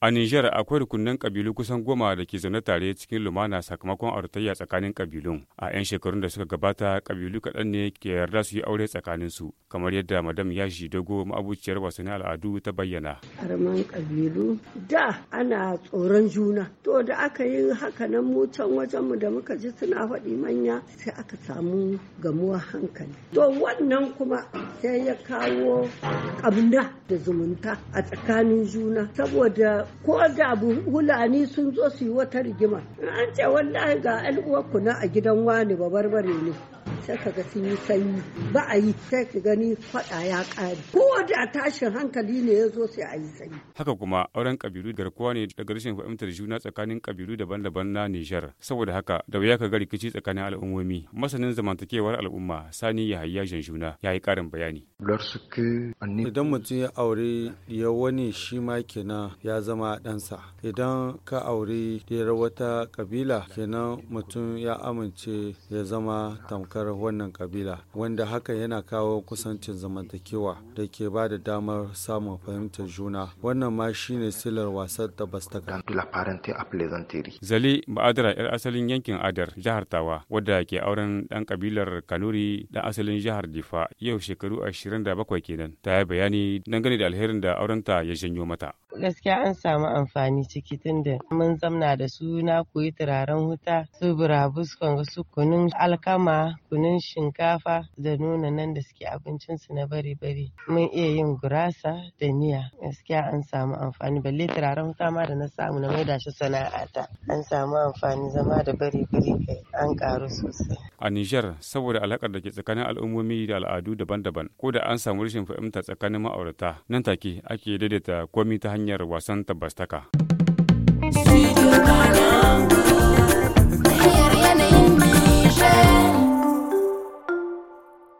A Nijar akwai rukunin kabilu kusan goma da ke zaune tare cikin lumana sakamakon auratayya tsakanin kabilun. A 'yan shekarun da suka gabata kabilu kaɗan ne ke yarda su yi aure tsakanin su, kamar yadda Madam Yashi Dogo ma'abuciyar wasannin al'adu ta bayyana. harman kabilu da ana tsoron juna to da aka yi haka nan mutan can wajenmu da muka ji suna faɗi manya sai aka samu gamuwa hankali to wannan kuma sai ya kawo ƙamna da zumunta a tsakanin juna saboda ko da hulani sun zo su yi wata rigima an ce wallahi ga al'uwarku na a gidan wani babarbare ne sai ka ga sun yi sanyi ba a yi sai ka gani faɗa ya ƙare ko da tashin hankali ne ya zo sai a yi sanyi. haka kuma auren kabilu garkuwa ne daga rashin fahimtar juna tsakanin kabilu daban-daban na nijar saboda haka da wuya ka ga rikici tsakanin al'ummomi masanin zamantakewar al'umma sani yahaya juna ya yi ƙarin bayani. idan mutum ya aure ya wani shi ma kenan ya zama ɗansa idan ka aure ya wata kabila kenan mutum ya amince ya zama tamkar wannan kabila wanda hakan yana kawo kusancin zamantakewa da ke ba da damar samun fahimtar juna wannan ma shine silar wasan da bastaka zali ba'adara yar asalin yankin adar jihar tawa wadda ke auren dan kabilar kanuri dan asalin jihar difa yau shekaru 27 kenan ta yi bayani gani da alherin da aurenta ya janyo mata gaskiya an samu amfani ciki tunda mun zamna da su na koyi turaren wuta su burabuskon su kunun alkama kunun shinkafa da nono nan da suke abincinsu na bare-bare. Mun iya yin gurasa da miya. Gaskiya an samu amfani balle turaren wuta ma da na samu na maida shi ta An samu amfani zama da bare-bare kai an ƙaru sosai. A Nijar saboda alakar da ke tsakanin al'ummomi da al'adu daban-daban ko da an samu rashin fahimta tsakanin ma'aurata nan take ake daidaita komi ta hanyar wasan tabbastaka.